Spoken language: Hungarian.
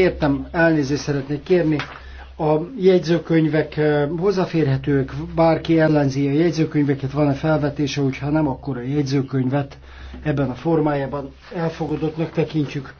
Értem, elnézést szeretnék kérni. A jegyzőkönyvek eh, hozzáférhetők, bárki ellenzi a jegyzőkönyveket, van-e felvetése, hogyha nem, akkor a jegyzőkönyvet ebben a formájában elfogadottnak tekintjük.